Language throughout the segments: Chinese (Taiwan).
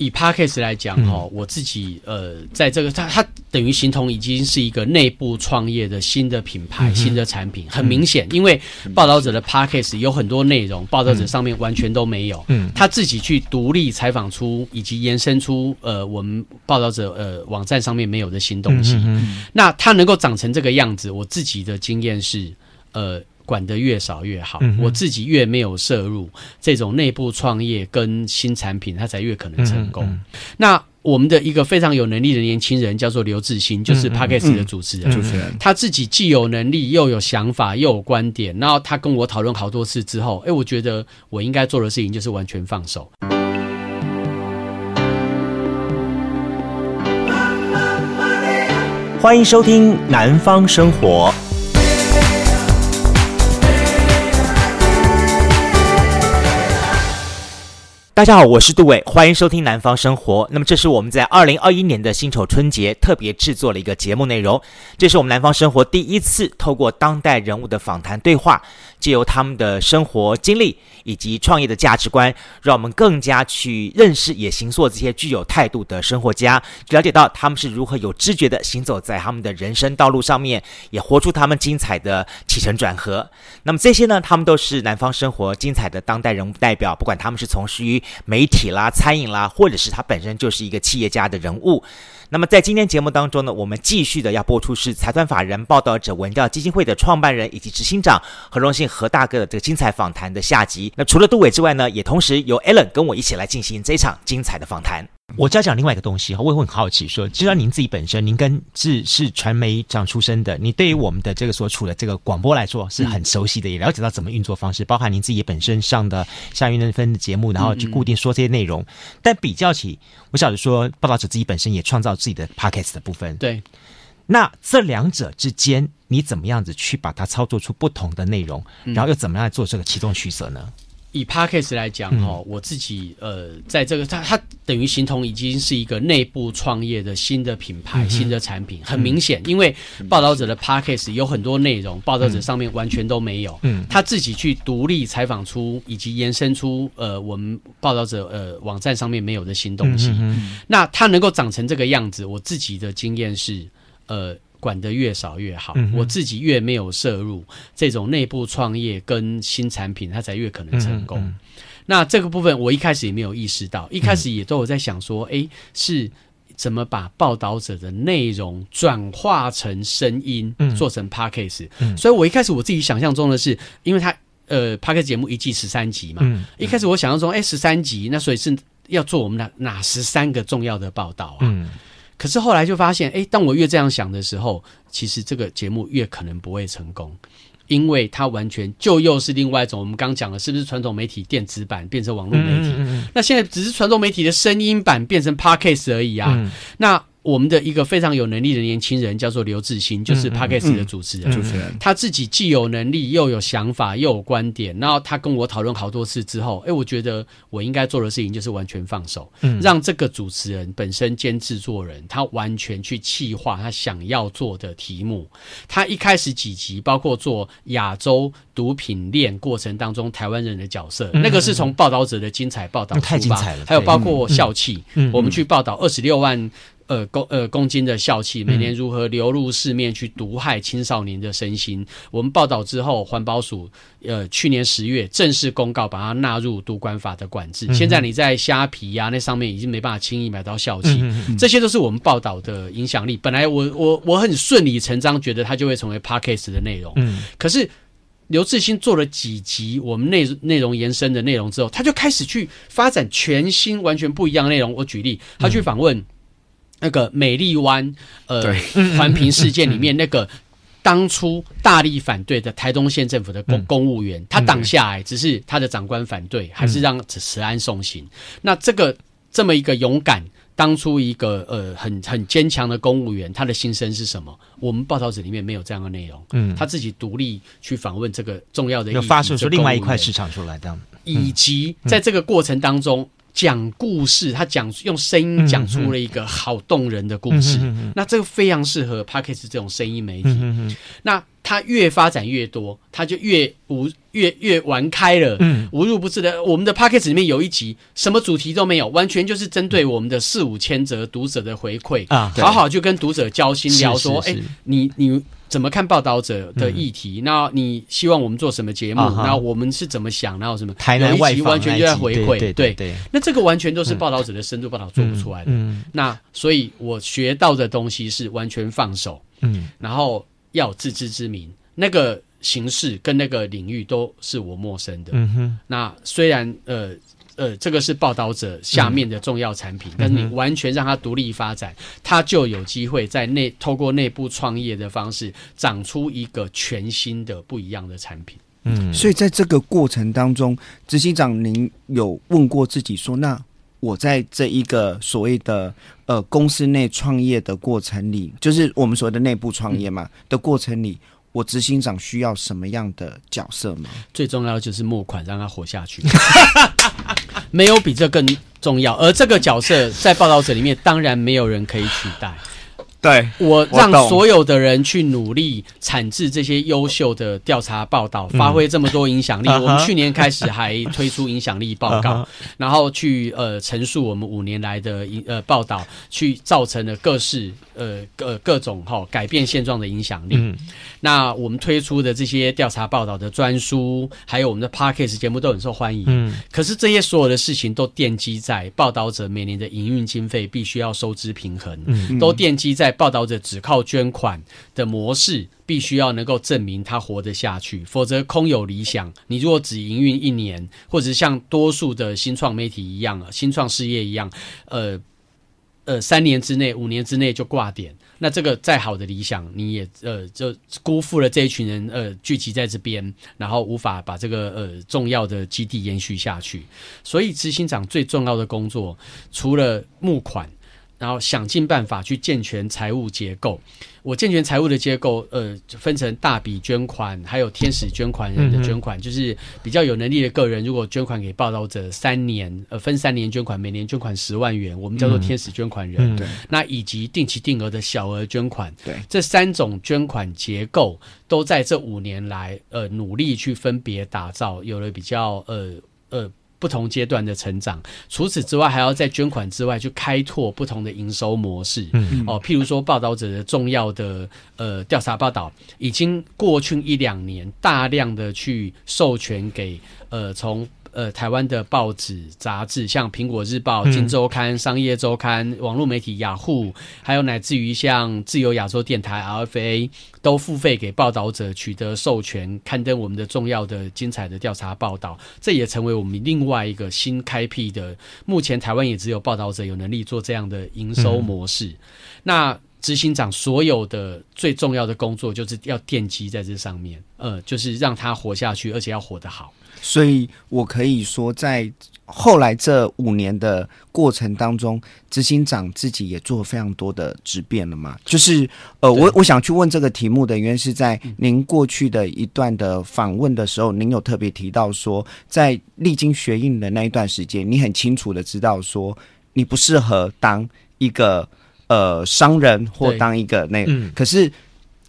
以 Podcast 來講、嗯，哈，我自己呃，在這個它、它等於形同已經是一個內部創業的新的品牌，新的產品，很明顯，嗯，因為報導者的 Podcast 有很多內容，報導者上面完全都沒有，嗯，他自己去獨立採訪出以及延伸出，呃，我們報導者呃網站上面沒有的新東西，嗯、哼哼，那它能夠長成這個樣子，我自己的經驗是，呃。管得越少越好，我自己越沒有涉入這種內部創業跟新產品，它才越可能成功。嗯嗯嗯、那我們的一個非常有能力的年輕人叫做劉志新，就是 Podcast 的、嗯嗯嗯嗯嗯、主持人，他自己既有能力又有想法又有觀點，然後他跟我討論好多次之後，哎，我覺得我應該做的事情就是完全放手。歡迎收聽南方生活。大家好，我是杜偉，歡迎收聽《南方聲活》。那麼，這是我們在2021年的辛丑春節特別制作了一個節目內容。這是我們《南方聲活》第一次透過當代人物的訪談對話，借由他們的生活經歷以及創業的價值觀，讓我們更加去認識也形塑這些具有態度的生活家，了解到他們是如何有知覺地行走在他們的人生道路上面，也活出他們精彩的起承轉合。那麼這些呢，他們都是《南方聲活》精彩的當代人物代表，不管他們是從事於媒體啦、餐飲啦，或者是他本身就是一個企業家的人物。那麼在今天節目當中呢，我們繼續的要播出是財團法人報道者文教基金會的創辦人以及執行長何榮幸何大哥的這個精彩訪談的下集。那除了杜偉之外呢，也同時由 Allen 跟我一起來進行這場精彩的訪談。我再講另外一個東西，我也會很好奇說，就像您自己本身，您跟是是傳媒這樣出身的，你對於我們的這個所處的這個廣播來說是很熟悉的，也了解到怎麼運作方式，包含您自己本身上的像殷允芃的節目，然後去固定說這些內容。嗯嗯但比較起，我曉得說，報道者自己本身也創造自己的 podcast 的部分。對。那這兩者之間，你怎麼樣子去把它操作出不同的內容，然後又怎麼樣來做這個其中取捨呢？以 Podcast 來講哈，嗯、我自己呃，在這個它它，等於形同已經是一個內部創業的新的品牌、嗯、哼新的產品，很明顯，嗯、因為報道者的 Podcast 有很多內容，報道者上面完全都沒有，嗯，他自己去獨立採訪出以及延伸出呃，我們報道者呃網站上面沒有的新東西，嗯、哼哼那它能夠長成這個樣子，我自己的經驗是呃。管得越少越好，嗯、哼我自己越沒有涉入這種內部創業跟新產品，它才越可能成功。嗯嗯、那這個部分我一開始也沒有意識到，一開始也都有在想說，哎、嗯欸，是怎麼把報道者的內容轉化成聲音，嗯、做成 podcast、嗯、所以我一開始我自己想象中的是，因為它呃，podcast 節目一季十三集嘛，嗯、一開始我想象中，哎、欸，十三集，那所以是要做我們的哪十三個重要的報道啊？嗯可是後來就發現，誒、欸，當我越這樣想的時候，其實這個節目越可能不會成功，因為它完全就又是另外一種。我們剛講的是不是傳統媒體電子版變成網絡媒體？嗯嗯嗯。那現在只是傳統媒體的聲音版變成 podcast 而已啊。嗯、那。我們的一個非常有能力的年輕人叫做劉致昕，就是 Podcast 的主持人。主持人他自己既有能力又有想法又有觀點，然後他跟我討論好多次之後，誒我覺得我應該做的事情就是完全放手，嗯、讓這個主持人本身兼制作人，他完全去企劃他想要做的題目。他一開始幾集包括做亞洲毒品鏈過程當中台灣人的角色，嗯、那個是從報道者的精彩報道太精彩了，還有包括笑氣，嗯嗯、我們去報道二十六萬。呃，公呃公斤的笑氣，每年如何流入市面去毒害青少年的身心？嗯、我們報道之後，環保署呃去年十月正式公告，把它納入毒管法的管制。嗯、現在你在蝦皮啊那上面已經沒辦法輕易買到笑氣，嗯嗯嗯、這些都是我們報道的影響力。本來我我我很順理成章覺得它就會成為 podcast 的內容，嗯、可是劉志興做了幾集我們內內容延伸的內容之後，他就開始去發展全新完全不一樣內容。我舉例，他去訪問。那個美麗灣，呃，環評對 事件裡面，那個當初大力反對的台東縣政府的公、嗯、公務員，他擋下來，只是他的長官反對，嗯、還是讓此案送行。嗯、那這個這麼一個勇敢，當初一個呃很很堅強的公務員，他的心聲是什麼？我們報導者裡面沒有這樣的內容。嗯，他自己獨立去訪問這個重要的一，又發出了另外一塊市場出來的，嗯、以及在這個過程當中。嗯嗯講故事，他講用聲音講出了一個好動人的故事。嗯、哼那這個非常適合 podcast 這種聲音媒體。嗯、哼那它越發展越多，它就越無越越玩開了。嗯，無入不至的。我們的 podcast 裡面有一集，什麼主題都沒有，完全就是針對我們的四五千則讀者的回饋啊，好好就跟讀者交心，聊說，哎、欸，你你。怎麼看報導者的議題？然後你希望我們做什麼節目？然後我們是怎麼想？然後什麼？有一集完全就在回饋，對對。那這個完全都是報導者的深度報道做不出來的。那所以我學到的東西是完全放手，嗯，然後要自知之明。那個形式跟那個領域都是我陌生的。嗯哼。那雖然呃。呃，這個是報導者下面的重要產品。但是，嗯、你完全讓他獨立發展，嗯，他就有機會在內透過內部創業的方式，長出一個全新的、不一樣的產品。嗯，所以在這個過程當中，執行長，您有問過自己說，那我在這一個所謂的呃公司內創業的過程裡，就是我們所謂的內部創業嘛，嗯、的過程裡，我執行長需要什麼樣的角色嗎？最重要的就是募款，讓他活下去。 沒有比這更重要，而這個角色在報道者裡面當然沒有人可以取代。對，我讓所有的人去努力產制這些優秀的調查報道，嗯、發揮這麼多影響力。嗯、我們去年開始還推出影響力報告，嗯、然後去呃陳述我們五年來的影呃報道去造成了各式呃各各種哈、哦、改變現狀的影響力。嗯、那我們推出的這些調查報道的專書，還有我們的 podcast 節目都很受歡迎。嗯，可是這些所有的事情都奠基在報道者每年的營運經費必須要收支平衡，嗯、都奠基在。報導者只靠捐款的模式，必須要能夠證明他活得下去，否則空有理想。你如果只營運一年，或者像多數的新創媒體一樣啊，新創事業一樣，呃呃，三年之內、五年之內就掛點，那這個再好的理想，你也呃就辜負了這一群人呃聚集在這邊，然後無法把這個呃重要的基地延續下去。所以，執行長最重要的工作，除了募款。然後想盡辦法去健全財務結構。我健全財務的結構，呃，分成大筆捐款，還有天使捐款人的捐款，就是比較有能力的個人，如果捐款給報導者三年，呃，分三年捐款，每年捐款十萬元，我們叫做天使捐款人。嗯嗯、對。那以及定期定額的小額捐款。對。這三種捐款結構都在這五年來，呃，努力去分別打造，有了比較，呃，呃。不同階段的成長，除此之外，還要在捐款之外去開拓不同的營收模式。嗯哼，哦，譬如說，報導者的重要的呃調查報導，已經過去一兩年，大量的去授權給呃從。呃，台灣的報紙、雜誌，像《蘋果日報》嗯、《今周刊》、《商業週刊》、網絡媒體雅虎，還有乃至於像自由亞洲電台 （RFA） 都付費給報道者取得授權，刊登我們的重要的、精彩的調查報道。這也成為我們另外一個新開闢的。目前台灣也只有報道者有能力做這樣的營收模式。嗯、那執行長所有的最重要的工作，就是要奠基在這上面，呃，就是讓他活下去，而且要活得好。所以，我可以說，在後來這五年的過程當中，執行長自己也做了非常多的質變了嘛。就是，呃，對我我想去問這個題目的原因是在您過去的一段的訪問的時候，嗯、您有特別提到說，在歷經學運的那一段時間，你很清楚的知道說你不適合當一個呃商人或當一個那，嗯、可是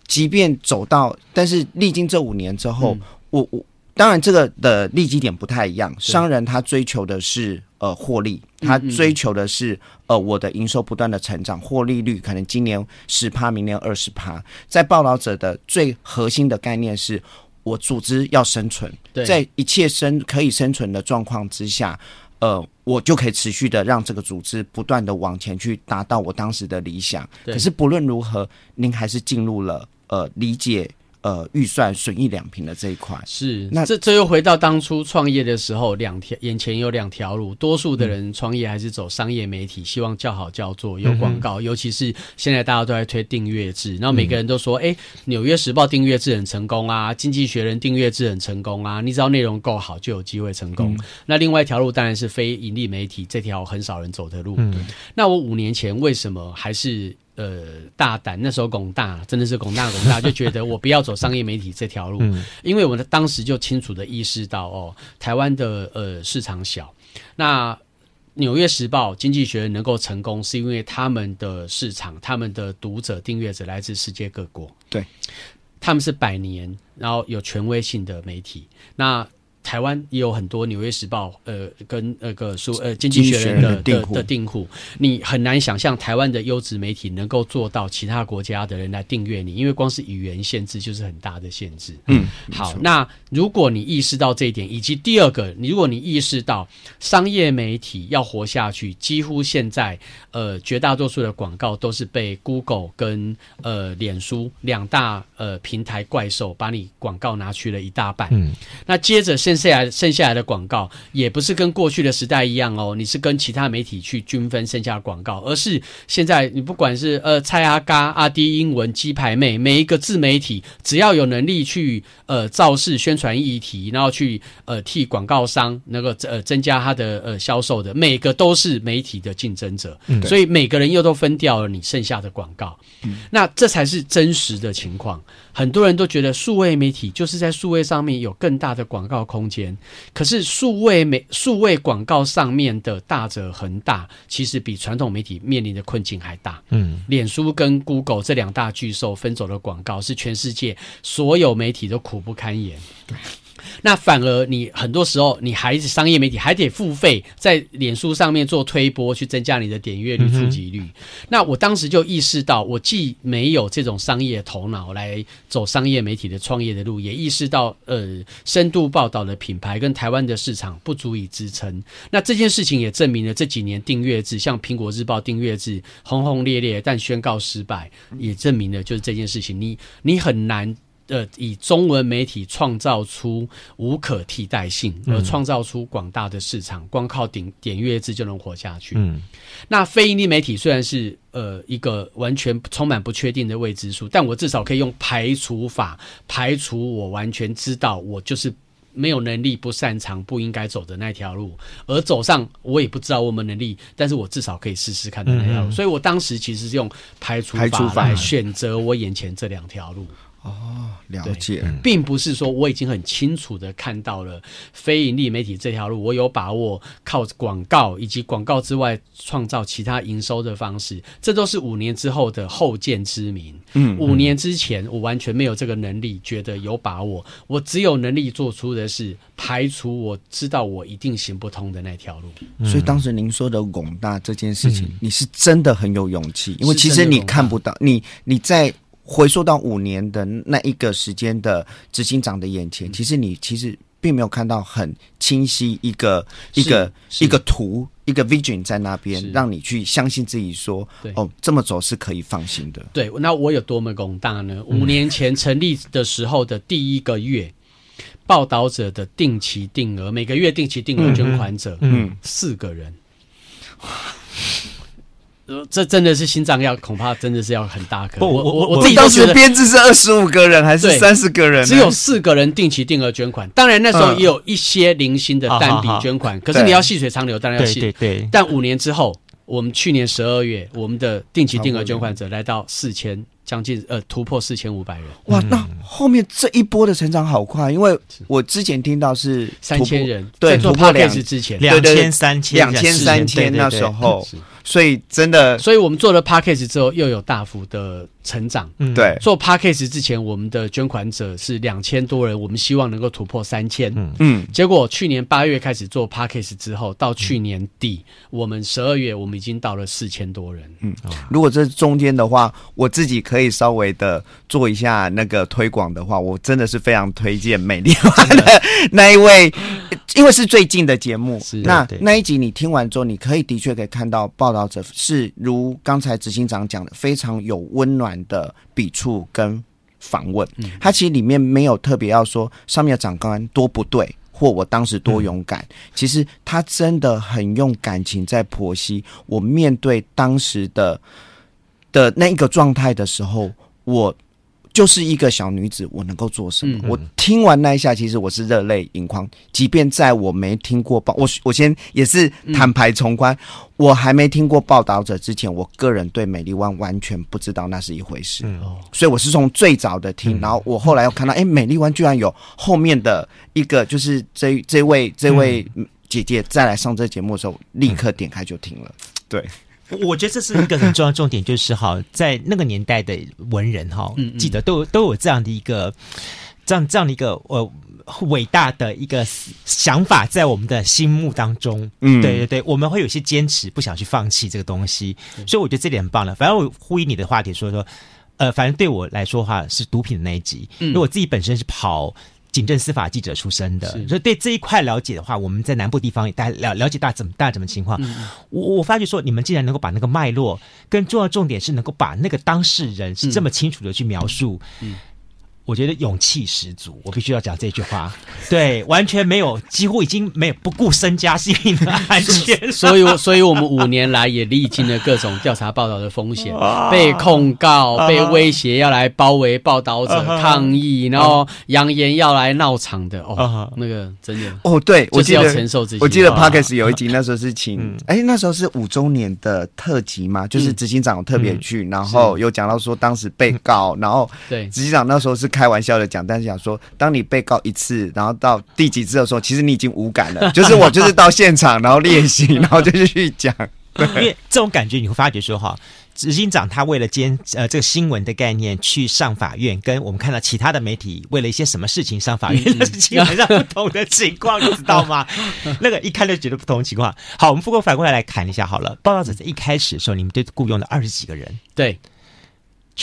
即便走到，但是歷經這五年之後，我、嗯、我。我當然，這個的利基點不太一樣。對商人他追求的是呃獲利，他追求的是嗯嗯嗯呃我的營收不斷的成長，獲利率可能今年十趴，明年二十趴。在報道者的最核心的概念是，我組織要生存，對在一切生可以生存的狀況之下，呃，我就可以持續的讓這個組織不斷的往前去達到我當時的理想。對可是不論如何，您還是進入了呃理解。呃，預算損益兩平的這一塊是那這這又回到當初創業的時候，兩條眼前有兩條路，多數的人創業還是走商業媒體，嗯、希望叫好叫座有廣告，嗯、尤其是現在大家都在推訂閱制，嗯、然後每個人都說，誒紐約時報訂閱制很成功啊，經濟學人訂閱制很成功啊，你知道內容夠好就有機會成功。嗯、那另外一條路當然是非盈利媒體這條很少人走的路、嗯。那我五年前為什麼還是？呃，大膽，那時候鞏大真的是鞏大鞏大，就覺得我不要走商業媒體這條路， 因為我當時就清楚地意識到哦，台灣的呃市場小，那《紐約時報》、《經濟學人》能夠成功，是因為他們的市場，他們的讀者訂閱者來自世界各國，對，他們是百年，然後有權威性的媒體，那。台灣也有很多《紐約時報》呃跟那、呃、個書呃《經濟學人》的的訂戶，你很難想象台灣的優質媒體能夠做到其他國家的人來訂閱你，因為光是語言限制就是很大的限制。嗯，好，沒錯。那如果你意識到這一點，以及第二個，你如果你意識到商業媒體要活下去，幾乎現在呃絕大多數的廣告都是被 Google 跟呃臉書兩大呃平台怪獸把你廣告拿去了一大半。嗯，那接着是。剩下來的廣告也不是跟過去的時代一樣哦，你是跟其他媒體去均分剩下的廣告，而是現在你不管是呃蔡阿嘎、阿滴英文、雞排妹，每一個自媒體只要有能力去呃造勢宣傳議題，然後去呃替廣告商那個呃增加它的呃銷售的，每個都是媒體的競爭者，嗯、對所以每個人又都分掉了你剩下的廣告，嗯、那這才是真實的情況。很多人都覺得數位媒體就是在數位上面有更大的廣告空間，可是數位媒數位廣告上面的大者恆大，其實比傳統媒體面臨的困境還大。嗯，臉書跟 Google 這兩大巨獸分走的廣告，是全世界所有媒體都苦不堪言。對。那反而你很多時候，你還是商業媒體還得付費在臉書上面做推播，去增加你的點閱率、嗯哼、觸及率。那我當時就意識到，我既沒有這種商業頭腦來走商業媒體的創業的路，也意識到呃深度報道的品牌跟台灣的市場不足以支撐。那這件事情也證明了這幾年訂閱制，像蘋果日報訂閱制轟轟烈烈，但宣告失敗，也證明了就是這件事情，你你很難。呃，以中文媒體創造出無可替代性，而創造出廣大的市場，嗯、光靠點點閱制就能活下去。嗯，那非營利媒體雖然是呃一個完全充滿不確定的未知數，但我至少可以用排除法、嗯、排除我完全知道我就是沒有能力、不擅長、不應該走的那條路，而走上我也不知道我有沒有能力，但是我至少可以試試看的那條路。嗯嗯，所以我當時其實是用排除法來選擇我眼前這兩條路。哦，了解。並不是說我已經很清楚地看到了非營利媒體這條路，我有把握靠廣告以及廣告之外創造其他營收的方式，這都是五年之後的後見之明。嗯，五年之前，嗯、我完全沒有這個能力，覺得有把握，我只有能力做出的是排除我知道我一定行不通的那條路。所以當時您說的廣大這件事情，嗯、你是真的很有勇氣，是 因為其實你看不到、嗯、你你在。回溯到五年的那一個時間的執行長的眼前，其實你其實並沒有看到很清晰一個是一個是一個圖一個 vision 在那邊，是讓你去相信自己說，對哦，這麼走是可以放心的。對，那我有多麼宏大呢？五年前成立的時候的第一個月，嗯、報道者的定期定額，每個月定期定額捐款者嗯，嗯，四個人。這真的是心臟要，恐怕真的是要很大可不，我我我我當時，編制是二十五個人還是三十個人？只有四個人定期定額捐款。當然那時候也有一些零星的單筆捐款，可是你要細水長流，當然要細。對對，但五年之後，我們去年十二月，我們的定期定額捐款者來到四千，將近呃突破四千五百人。哇，那後面這一波的成長好快，因為我之前聽到是三千人，對，突破兩之前兩千三千兩千三千那時候。所以真的，所以我們做了 Podcast 之後，又有大幅的成長。嗯，對。做 Podcast 之前，我們的捐款者是兩千多人，我們希望能夠突破三千。嗯嗯。結果去年八月開始做 Podcast 之後，到去年底，嗯、我們十二月，我們已經到了四千多人。嗯，如果這是中間的話，我自己可以稍微的做一下那個推廣的話，我真的是非常推薦美麗華的那一位，的因為是最近的節目。是的那對那一集你聽完之後，你可以的確可以看到報。報導者是如剛才執行長講的，非常有溫暖的筆觸跟訪問。他其實裡面沒有特別要說上面的長官多不對，或我當時多勇敢。嗯、其實他真的很用感情在剖析我面對當時的的那個狀態的時候，我。就是一個小女子，我能夠做什麼？嗯、我聽完那一下，其實我是熱淚盈眶。即便在我沒聽過報，我我先也是坦白從寬。嗯、我還沒聽過報導者之前，我個人對美麗灣完全不知道那是一回事。嗯哦、所以我是從最早的聽，嗯、然後我後來又看到，哎，美麗灣居然有後面的一個，就是這這位這位姐姐再來上這節目的時候，立刻點開就聽了。嗯、對。我覺得這是一個很重要的重點，就是哈，在那個年代的文人哈，記得都有都有這樣的一個，這樣這樣的一個呃偉大的一個想法在我們的心目當中，嗯，對對對，我們會有些堅持，不想去放棄這個東西，所以我覺得這點很棒了。反正我呼籲你的話題，說說，呃，反正對我來說的話是毒品的那一集，因為我自己本身是跑。警政司法記者出身的，是所以對這一塊了解的話，我們在南部地方大家了了解大怎麼大怎麼情況。嗯、我我發覺說，你們既然能夠把那個脈絡，更重要重點是能夠把那個當事人是這麼清楚的去描述。嗯嗯嗯嗯我覺得勇氣十足，我必須要講這句話。對，完全沒有，幾乎已經沒有不顧身家性命的安全。所以，所以我們五年來也歷經了各種調查報道的風險，被控告、被威脅要來包圍報道者、抗議，然後揚言要來鬧場的。哦，那個真的哦，對，我記得。承受自己。我記得 Podcast 有一集，那時候是請哎，那時候是五週年的特輯嘛，就是執行長特別去，然後有講到說當時被告，然後對執行長那時候是。開玩笑的講，但是講說，當你被告一次，然後到第幾次的時候，其實你已經無感了。就是我就是到現場，然後練習，然後就去講。因為這種感覺，你會發覺說，哈，執行長他為了兼呃這個新聞的概念去上法院，跟我們看到其他的媒體為了一些什麼事情上法院，嗯、 那是基本上不同的情況， 你知道嗎？ 那個一看就覺得不同情況。好，我們不過反過來來談一下好了。報導者在一開始的時候，你們就雇傭了二十幾個人，對。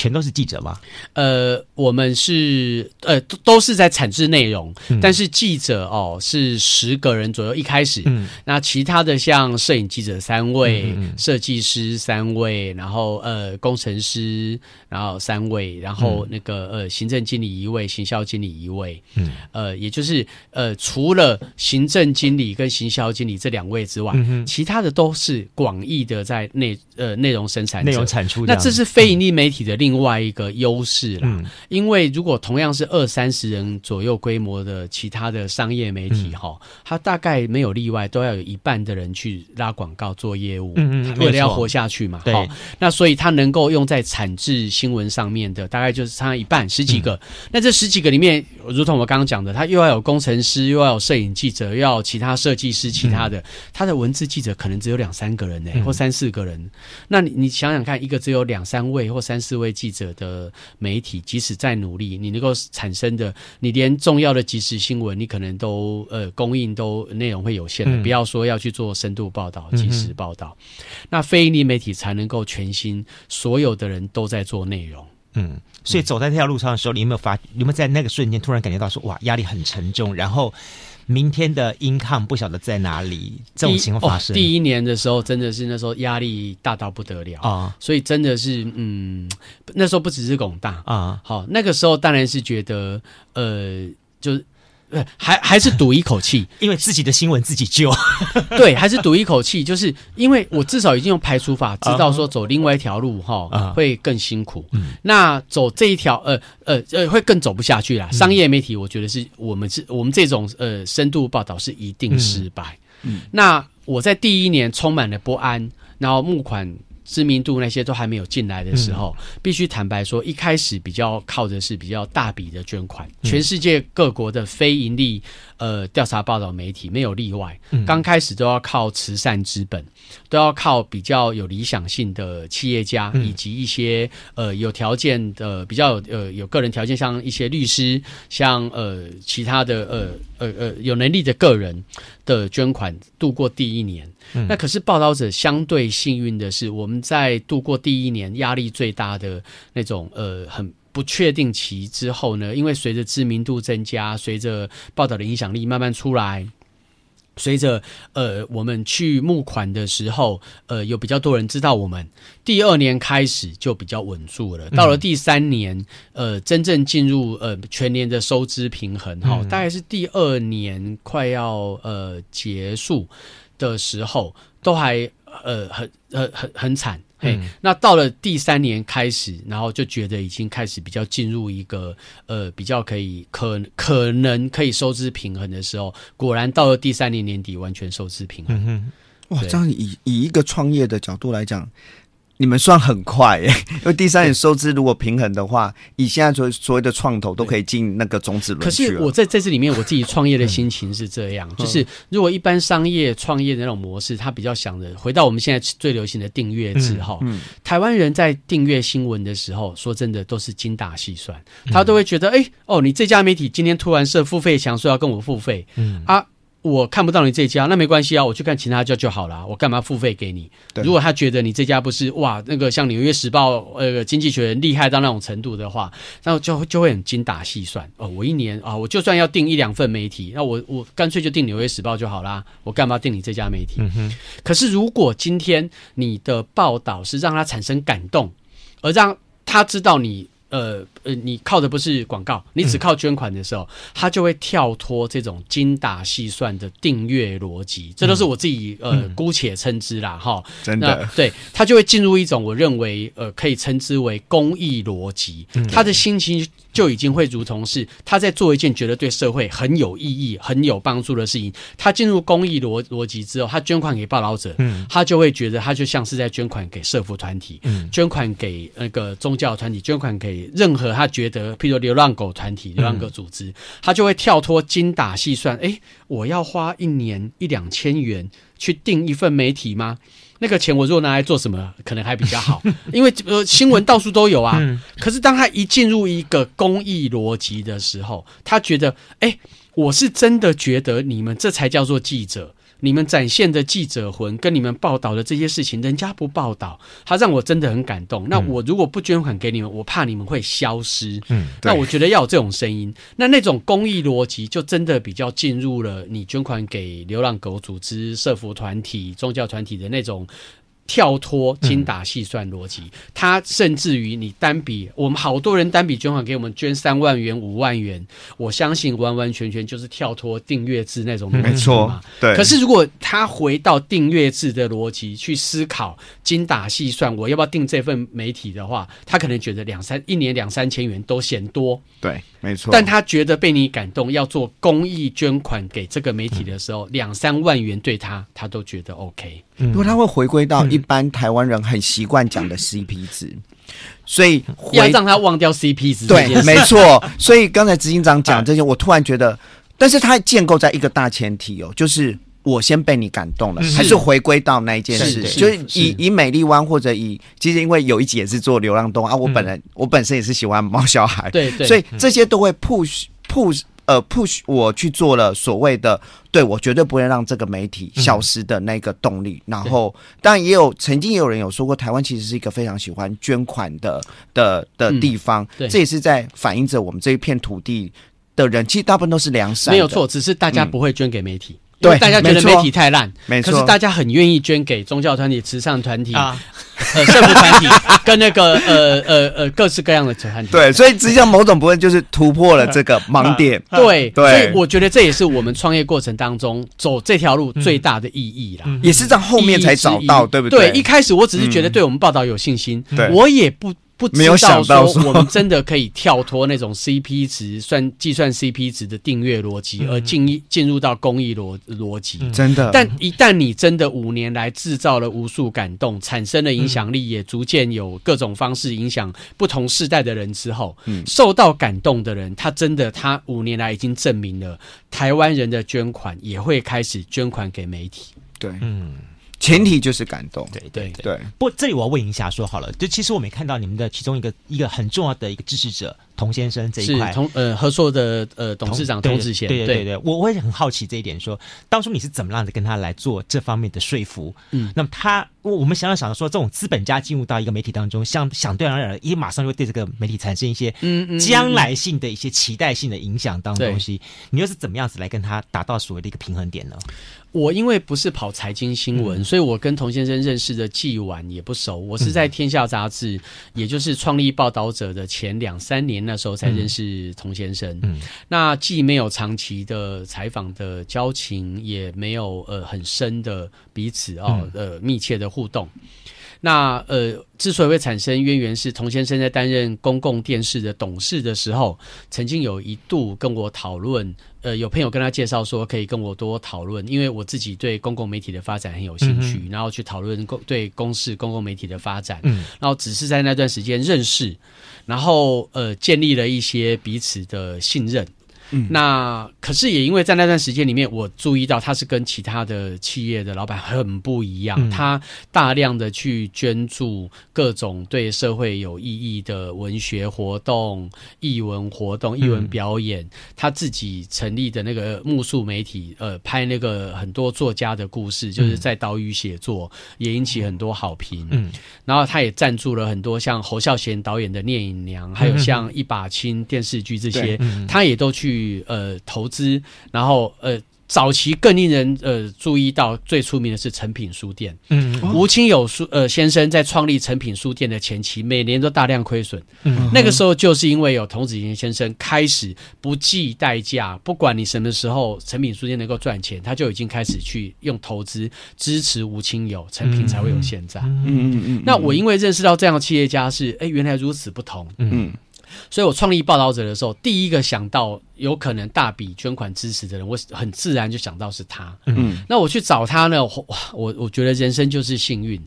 全都是記者嗎？呃，我們是呃，都都是在產製內容，嗯、但是記者哦是十個人左右。一開始，嗯、那其他的像攝影記者三位，設計、嗯嗯、師三位，然後呃工程師然後三位，然後那個、嗯、呃行政經理一位，行銷經理一位，嗯，呃，也就是呃除了行政經理跟行銷經理這兩位之外，嗯、哼其他的都是廣義的在內呃內容生產內容產出。那這是非營利媒體的另。嗯另外一個優勢啦，嗯、因為如果同樣是二三十人左右規模的其他的商業媒體哈，嗯、他大概沒有例外，都要有一半的人去拉廣告做業務，嗯，嗯他為了要活下去嘛。好，那所以他能夠用在產制新聞上面的，大概就是差一半十幾個。嗯、那這十幾個裡面，如同我剛剛講的，他又要有工程師，又要有攝影記者，又要其他設計師、其他的，嗯、他的文字記者可能只有兩三個人呢，嗯、或三四個人。那你你想想看，一個只有兩三位或三四位。記者的媒體，即使再努力，你能夠產生的，你連重要的即時新聞，你可能都呃供應都內容會有限的。嗯、不要說要去做深度報道、即時報道，嗯、哼那非盈利媒體才能夠全心，所有的人都在做內容。嗯，所以走在這條路上的時候，你有沒有發？嗯、你有沒有在那個瞬間突然感覺到說，哇，壓力很沉重？然後。明天的 income 不曉得在哪裡，這種情況發生、哦。第一年的時候，真的是那時候壓力大到不得了啊！哦、所以真的是，嗯，那時候不只是工大啊，哦、好，那個時候當然是覺得，呃，就。還還是賭一口氣，因為自己的新聞自己救。 對，還是賭一口氣，就是因為我至少已經用排除法知道說走另外一條路哈、uh huh. 會更辛苦，uh huh. 那走這一條呃呃呃會更走不下去啦。商業媒體我覺得是、uh huh. 我們是我們這種呃深度報道是一定失敗。Uh huh. 那我在第一年充滿了不安，然後募款。知名度那些都還沒有進來的時候，嗯、必須坦白說，一開始比較靠的是比較大筆的捐款。嗯、全世界各國的非盈利呃調查報道媒體沒有例外，嗯、剛開始都要靠慈善資本，都要靠比較有理想性的企業家、嗯、以及一些呃有條件的比較有呃有個人條件像一些律師，像呃其他的呃呃呃有能力的個人的捐款度過第一年。嗯、那可是報導者相對幸運的是，我們在度過第一年壓力最大的那種呃很不確定期之後呢，因為隨着知名度增加，隨着報道的影響力慢慢出來，隨着呃我們去募款的時候，呃有比較多人知道我們，第二年開始就比較穩住了。嗯、到了第三年，呃真正進入呃全年的收支平衡，好，大概是第二年快要呃結束的時候都還呃很呃很很很慘嘿，嗯。那到了第三年開始，然後就覺得已經開始比較進入一個呃比較可以可可能可以收支平衡的時候，果然到了第三年年底完全收支平衡。嗯哼。對。哇，這樣以以一個創業的角度來講，你們算很快耶、欸，因為第三年收支如果平衡的話，嗯、以現在所所謂的創投都可以進那個種子輪。可是我在在這次裡面，我自己創業的心情是這樣，嗯、就是如果一般商業創業的那種模式，他比較想的，回到我們現在最流行的訂閱制哈。嗯嗯、台灣人在訂閱新聞的時候，說真的都是精打細算，他都會覺得，哎、嗯欸、哦，你這家媒體今天突然設付費牆，強說要跟我付費，嗯、啊。我看不到你這家，那沒關係啊，我去看其他家就好啦。我幹嘛付費給你？對如果他覺得你這家不是哇，那個像紐約時報、呃，經濟學人厲害到那種程度的話，那就就會很精打細算哦。我一年啊、哦，我就算要訂一兩份媒體，那我我乾脆就訂紐約時報就好啦。我幹嘛訂你這家媒體？嗯、哼可是如果今天你的報道是讓他產生感動，而讓他知道你。呃呃，你靠的不是廣告，你只靠捐款的時候，他、嗯、就會跳脫這種精打細算的訂閱邏輯，嗯、這都是我自己呃、嗯、姑且稱之啦哈。真的，對，他就會進入一種我認為呃可以稱之為公益邏輯，他、嗯、的心情。就已經會如同是他在做一件覺得對社會很有意義、很有幫助的事情。他進入公益邏邏輯之後，他捐款給報道者，他就會覺得他就像是在捐款給社福團體、嗯、捐款給那個宗教團體、捐款給任何他覺得，譬如流浪狗團體、流浪狗組織，嗯、他就會跳脫精打細算。哎，我要花一年一兩千元去訂一份媒體嗎？那個錢我如果拿來做什麼，可能還比較好，因為，呃，新聞到處都有啊。可是當他一進入一個公益邏輯的時候，他覺得，哎、欸，我是真的覺得你們這才叫做記者。你們展現的記者魂，跟你們報道的這些事情，人家不報道他讓我真的很感動。那我如果不捐款給你們，嗯、我怕你們會消失。嗯，那我覺得要有這種聲音，那那種公益邏輯就真的比較進入了你捐款給流浪狗組織、社福團體、宗教團體的那種。跳脫精打細算邏輯，嗯、他甚至於你單筆，我們好多人單筆捐款給我們捐三萬元、五萬元，我相信完完全全就是跳脫訂閱制那種邏輯嘛、嗯，沒錯。對。可是如果他回到訂閱制的邏輯去思考精打細算，我要不要訂這份媒體的話，他可能覺得兩三一年兩三千元都嫌多。嗯、對，沒錯。但他覺得被你感動要做公益捐款給這個媒體的時候，嗯、兩三萬元對他，他都覺得 OK。嗯、如果他會回歸到、嗯一般台灣人很習慣講的 CP 值，所以要讓他忘掉 CP 值。對，沒錯。所以剛才執行長講這些，啊、我突然覺得，但是他建構在一個大前提哦，就是我先被你感動了，是還是回歸到那一件事，是是就是以是以美麗灣或者以其實，因為有一集也是做流浪動物、啊，我本來、嗯、我本身也是喜歡毛小孩，對對，對所以這些都會 push push。呃，push 我去做了所謂的，對，我絕對不會讓這個媒體消失的那個動力。嗯、然後，當然也有曾經也有人有說過，台灣其實是一個非常喜歡捐款的的的地方，嗯、對，這也是在反映着我們這一片土地的人，其實大部分都是良善。沒有錯，只是大家不會捐給媒體。嗯對，大家覺得媒體太爛，沒錯，可是大家很願意捐給宗教團體、慈善團體啊、社會團體，跟那個呃呃呃各式各樣的慈善團體。對，所以實際上某種部分就是突破了這個盲點。對，所以我覺得這也是我們創業過程當中走這條路最大的意義啦，也是在後面才找到，對不對？對，一開始我只是覺得對我們報道有信心，對，我也不。沒有想到說我們真的可以跳脫那種 CP 值算，計算 CP 值的訂閱邏輯，而進，進入到公益邏輯。真的，但一旦你真的五年來製造了無數感動，產生了影響力，也逐漸有各種方式影響不同世代的人之後，受到感動的人，他真的他五年來已經證明了台灣人的捐款也會開始捐款給媒體。對，嗯。前提就是感動，嗯、對對對。對。不過這裡我要問一下，說好了，就其實我沒看到你們的其中一個一個很重要的一個支持者。童先生這一塊，是同呃和碩的呃董事長童子賢，對對的對，的對，我我會很好奇這一點說，說當初你是怎麼樣子跟他來做這方面的說服？嗯，那麼他我，我們想，想想說，這種資本家進入到一個媒體當中，像想，想對而言也馬上就會對這個媒體產生一些嗯將來性的一些期待性的影響。當東西，嗯嗯嗯、你又是怎麼樣子來跟他達到所謂的一個平衡點呢？我因為不是跑財經新聞，嗯、所以我跟童先生認識的既晚也不熟。我是在《天下雜誌》嗯，也就是創立報導者的前兩三年。那時候才認識童先生，嗯，嗯那既沒有長期的採訪的交情，也沒有呃很深的彼此哦，呃密切的互動。那呃，之所以會產生淵源，是童先生在擔任公共電視的董事的時候，曾經有一度跟我討論。呃，有朋友跟他介紹說，可以跟我多討論，因為我自己對公共媒體的發展很有興趣，嗯、哼然後去討論公對公視公共媒體的發展。嗯，然後只是在那段時間認識，然後呃，建立了一些彼此的信任。嗯、那可是也因為在那段時間裡面，我注意到他是跟其他的企業的老闆很不一樣。嗯、他大量的去捐助各種對社會有意義的文學活動、藝文活動、藝文表演。嗯、他自己成立的那個目宿媒體，呃，拍那個很多作家的故事，就是在島嶼寫作，嗯、也引起很多好評、嗯。嗯，然後他也贊助了很多像侯孝賢導演的《聶隱娘》，還有像《一把青》電視劇這些，嗯、他也都去。去呃投資，然後呃早期更令人呃注意到最出名的是誠品書店，嗯，吳、哦、清友書呃先生在創立誠品書店的前期每年都大量虧損，嗯，那個時候就是因為有童子賢先生開始不計代價，不管你什麼時候誠品書店能夠賺錢，他就已經開始去用投資支持吳清友，誠品才會有現在，嗯嗯嗯。嗯嗯嗯，那我因為認識到這樣的企業家是，哎、欸，原來如此不同，嗯。嗯所以我創立報導者的時候，第一個想到有可能大筆捐款支持的人，我很自然就想到是他。嗯哼，那我去找他呢，哇，我我覺得人生就是幸運。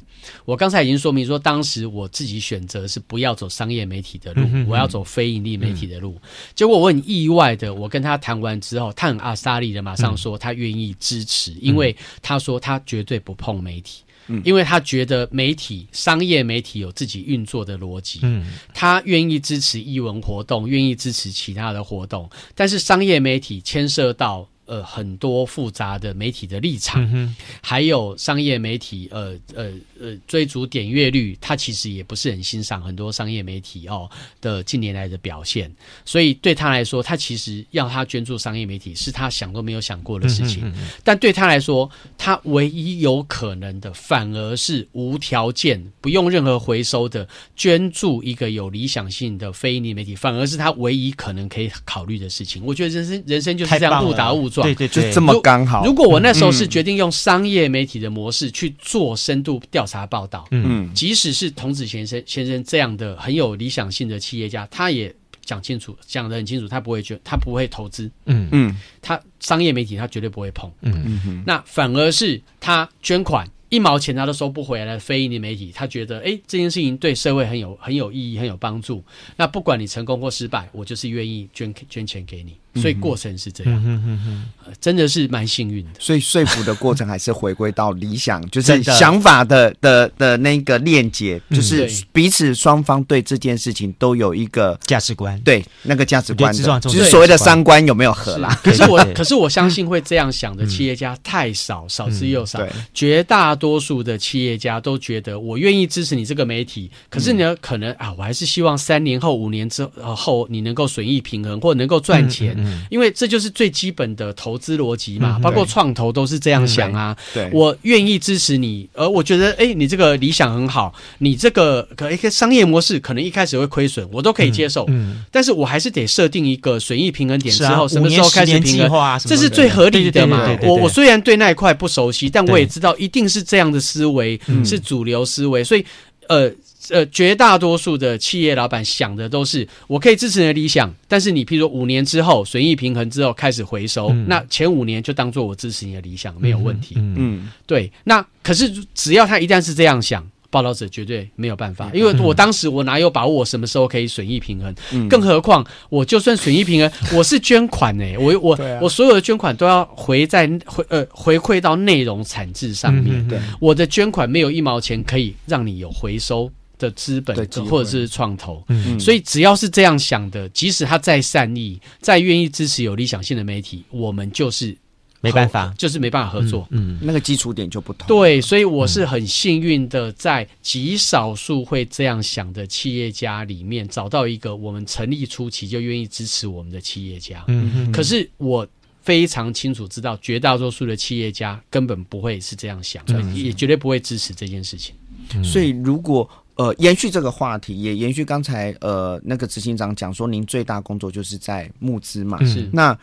我剛才已經說明說，當時我自己選擇是不要走商業媒體的路，我要走非營利媒體的路。嗯嗯，結果我很意外的，我跟他談完之後，他很阿莎力的馬上說他願意支持，嗯、因為他說他絕對不碰媒體。因為他覺得媒體，商業媒體有自己運作的邏輯，他願意支持藝文活動，願意支持其他的活動，但是商業媒體牽涉到。呃，很多複雜的媒體的立場，嗯、哼還有商業媒體，呃呃呃，追逐點閱率，他其實也不是很欣賞很多商業媒體哦的近年來的表現。所以對他來說，他其實要他捐助商業媒體，是他想都沒有想過的事情。嗯哼嗯哼，但對他來說，他唯一有可能的，反而是無條件不用任何回收的捐助一個有理想性的非營利媒體，反而是他唯一可能可以考慮的事情。我覺得人生人生就是這樣誤打誤撞。對對，就這麼剛好。如果我那時候是決定用商業媒體的模式去做深度調查報道，嗯，嗯即使是童子賢先生先生這樣的很有理想性的企業家，他也講清楚，講得很清楚，他不會捐，他不會投資，嗯嗯，他商業媒體他絕對不會碰，嗯嗯，嗯嗯那反而是他捐款一毛錢他都收不回來的非盈利媒體，他覺得哎，這件事情對社會很有很有意義，很有幫助，那不管你成功或失敗，我就是願意捐捐錢給你。所以過程是這樣，嗯嗯嗯，真的是蠻幸運的。所以說服的過程還是回歸到理想，就是想法的的的那個鏈接，就是彼此雙方對這件事情都有一個價值觀，對那個價值觀，就是所謂的三觀有沒有合啦？可是我，可是我相信會這樣想的企業家太少，少之又少。絕大多數的企業家都覺得，我願意支持你這個媒體，可是呢，可能啊，我還是希望三年後、五年之後，你能夠損益平衡，或者能夠賺錢。因為這就是最基本的投資邏輯嘛，嗯、包括創投都是這樣想啊。嗯、對，我願意支持你，而我覺得，哎，你這個理想很好，你這個可一個商業模式可能一開始會虧損，我都可以接受。嗯嗯、但是我還是得設定一個損益平衡點之後，啊、什麼時候開始平衡？計劃啊、這是最合理的嘛。我我雖然對那一塊不熟悉，但我也知道一定是這樣的思維，嗯、是主流思維。所以，呃。呃，絕大多數的企業老板想的都是，我可以支持你的理想，但是你譬如五年之後損益平衡之後開始回收，嗯、那前五年就當做我支持你的理想沒有問題。嗯，嗯，嗯，對。那可是只要他一旦是這樣想，報導者絕對沒有辦法，因為我當時我哪有把握我什麼時候可以損益平衡？嗯、更何況我就算損益平衡，嗯、我是捐款呢、欸哎？我我、啊、我所有的捐款都要回在回呃回饋到內容產制上面，嗯、對，對我的捐款沒有一毛錢可以讓你有回收。的資本，或者是創投，嗯、所以只要是這樣想的，即使他再善意，再願意支持有理想性的媒體，我們就是沒辦法，就是沒辦法合作。嗯，那個基礎點就不同。對，所以我是很幸運的，在極少數會這樣想的企業家裡面，嗯、找到一個我們成立初期就願意支持我們的企業家。嗯嗯。可是我非常清楚知道，絕大多數的企業家根本不會是這樣想，嗯、也絕對不會支持這件事情。嗯、所以如果。呃，延續這個話題，也延續剛才呃那個執行長講說，您最大工作就是在募資嘛。是、嗯、那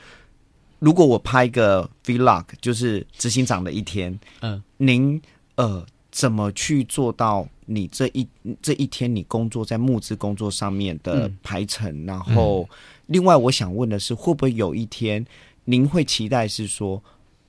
如果我拍一個 Vlog，就是執行長的一天，嗯，您呃怎麼去做到你這一這一天你工作在募資工作上面的排程？嗯、然後，嗯、另外我想問的是，會不會有一天您會期待是說，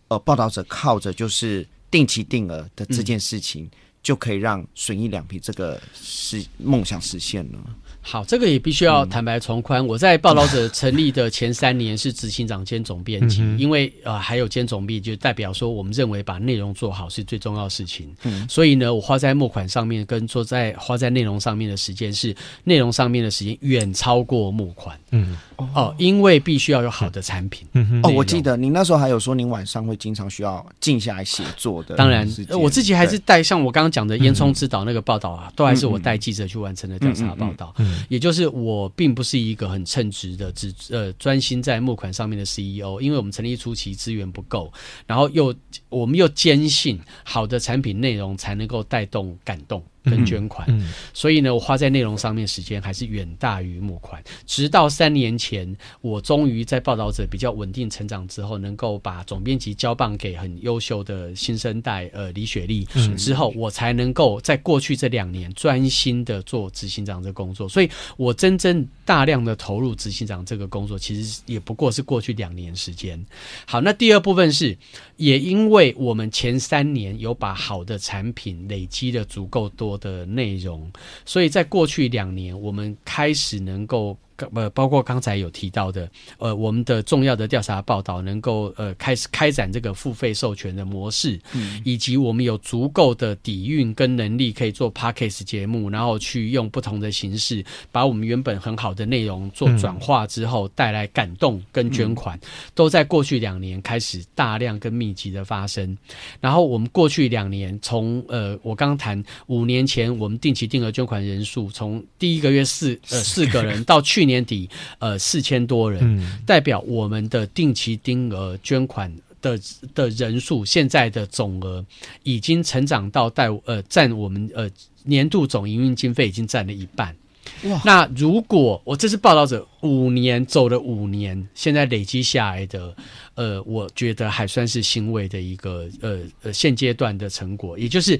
呃，報道者靠着就是定期定額的這件事情。嗯就可以讓損益兩平，這個是夢想實現了。好，這個也必須要坦白從寬。嗯、我在報道者成立的前三年是執行長兼總編輯，嗯、哼因為呃還有兼總編，就代表說我們認為把內容做好是最重要的事情。嗯，所以呢，我花在募款上面跟做在花在內容上面的時間，是內容上面的時間遠超過募款。嗯哼，哦，因為必須要有好的產品。嗯、哼容哦，我記得您那時候還有說，您晚上會經常需要靜下來寫作的。當然，我自己還是帶對像我剛剛講的煙囪之島那個報道啊，嗯、哼都還是我帶記者去完成的調查的報道。嗯也就是我並不是一個很稱職的，只呃專心在募款上面的 CEO，因為我們成立初期資源不夠，然後又我們又堅信好的產品內容才能夠帶動感動。跟捐款，嗯嗯、所以呢，我花在內容上面時間還是遠大於募款。直到三年前，我終於在報導者比較穩定成長之後，能夠把總編輯交棒給很優秀的新生代呃李雪莉之後，我才能夠在過去這兩年專心的做執行長這工作。嗯、所以，我真正大量的投入執行長這個工作，其實也不過是過去兩年時間。好，那第二部分是，也因為我們前三年有把好的產品累積的足夠多。的內容，所以在過去兩年，我們開始能夠。呃，包括剛才有提到的，呃，我們的重要的調查報道能夠呃開始開展這個付費授權的模式，嗯，以及我們有足夠的底蘊跟能力可以做 Podcast 節目，然後去用不同的形式把我們原本很好的內容做轉化之後，帶來感動跟捐款，嗯、都在過去兩年開始大量跟密集的發生。然後我們過去兩年從呃，我剛談五年前我們定期定額捐款人數從第一個月四呃 四個人到去年。年底，呃，四千多人，嗯、代表我們的定期定額捐款的的人數，現在的總額已經成長到帶呃佔我們呃年度總營運經費已經佔了一半。哇那如果我這次報導者五年走了五年，現在累積下來的，呃，我覺得還算是欣慰的一個呃呃現階段的成果，也就是。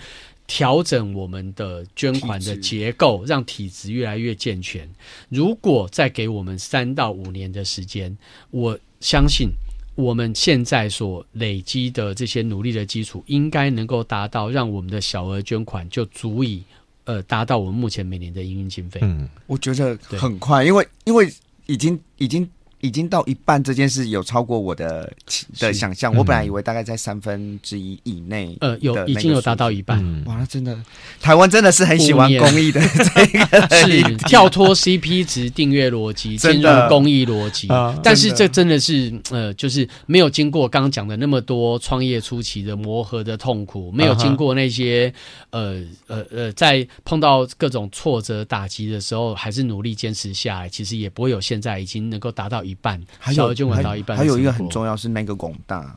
調整我們的捐款的結構，體質讓體質越來越健全。如果再給我們三到五年的時間，我相信我們現在所累積的這些努力的基礎，應該能夠達到讓我們的小額捐款就足以，呃，達到我們目前每年的營運經費。嗯，我覺得很快，對因為因為已經已經。已經到一半，這件事有超過我的的想象。是我本來以為大概在三分之一以內，嗯，呃，有已經有達到一半。嗯嗯，哇，真的，台灣真的是很喜歡公益的這個，無面 是跳脫 CP 值訂閱邏輯，進的入公益邏輯。啊，但是這真的是呃，就是沒有經過剛剛講的那麼多創業初期的磨合的痛苦，沒有經過那些，uh huh，呃呃呃，在碰到各種挫折打擊的時候，還是努力堅持下來，其實也不會有。現在已經能夠達到。一半，一半還有就玩到一半。還有一個很重要是那個拱大，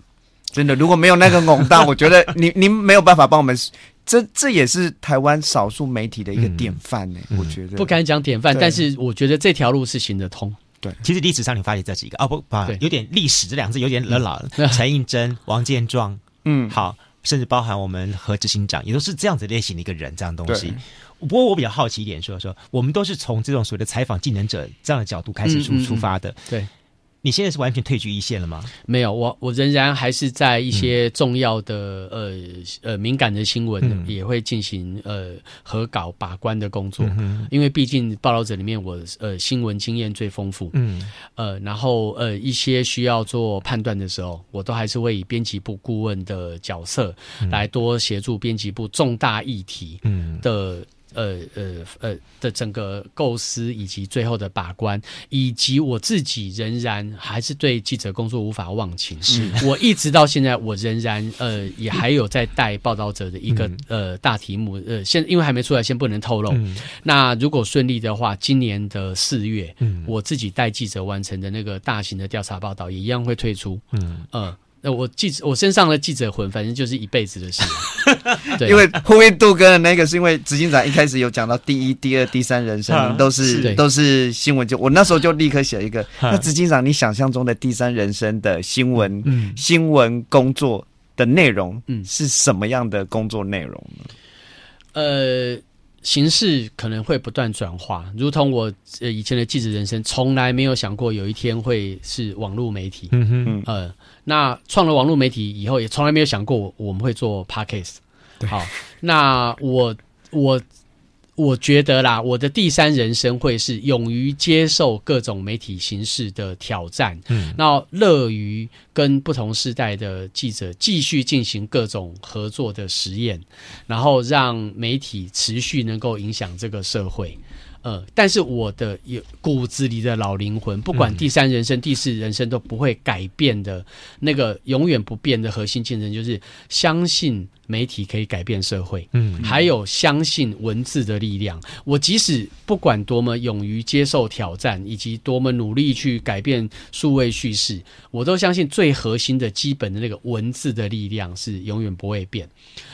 真的如果沒有那個拱大， 我覺得你您沒有辦法幫我們。這這也是台灣少數媒體的一個典範呢、欸，嗯、我覺得不敢講典範，對但是我覺得這條路是行得通。對，其實歷史上你發現這幾個啊、哦、不，不對有點歷史這兩個字有點老老，陳映、嗯、真、王健壯，嗯，好。甚至包含我們何執行長，也都是這樣子類型的一個人，這樣東西。對不過我比較好奇一點說，說說我們都是從這種所謂的採訪技能者這樣的角度開始出出發的，嗯嗯嗯、對。你現在是完全退居一線了嗎？沒有，我我仍然還是在一些重要的、嗯、呃呃敏感的新聞的、嗯、也會進行呃核稿把關的工作，嗯、哼因為畢竟報道者裡面我呃新聞經驗最豐富，嗯，呃然後呃一些需要做判斷的時候，我都還是會以編輯部顧問的角色來多協助編輯部重大議題的。嗯嗯呃呃呃的整個構思以及最後的把關，以及我自己仍然還是對記者工作無法忘情。是 我一直到現在，我仍然呃也還有在帶報道者的一個呃大題目呃，現因為還沒出來，先不能透露。嗯、那如果順利的話，今年的四月，嗯、我自己帶記者完成的那個大型的調查報道，也一樣會推出。嗯。呃。那、呃、我記者，我身上的記者魂，反正就是一輩子的事，啊。 因為後面杜哥的那個，是因為執行長一開始有講到第一、第二、第三人生， 都是，是對都是新聞。就我那時候就立刻寫一個。那執行長，你想象中的第三人生的新聞，嗯嗯、新聞工作的內容，嗯，是什麼樣的工作內容，嗯嗯、呃。形式可能會不斷轉化，如同我呃以前的記者人生，從來沒有想過有一天會是網絡媒體。嗯哼，呃，那創了網絡媒體以後，也從來沒有想過我們會做 podcast。對 好，那我我。我覺得啦，我的第三人生會是勇於接受各種媒體形式的挑戰，嗯，那樂於跟不同時代的記者繼續進行各種合作的實驗，然後讓媒體持續能夠影響這個社會。呃，但是我的有骨子裡的老靈魂，不管第三人生、第四人生都不會改變的，嗯、那個永遠不變的核心競爭，就是相信媒體可以改變社會，嗯，嗯，還有相信文字的力量。我即使不管多麼勇於接受挑戰，以及多麼努力去改變數位敘事，我都相信最核心的基本的那個文字的力量是永遠不會變。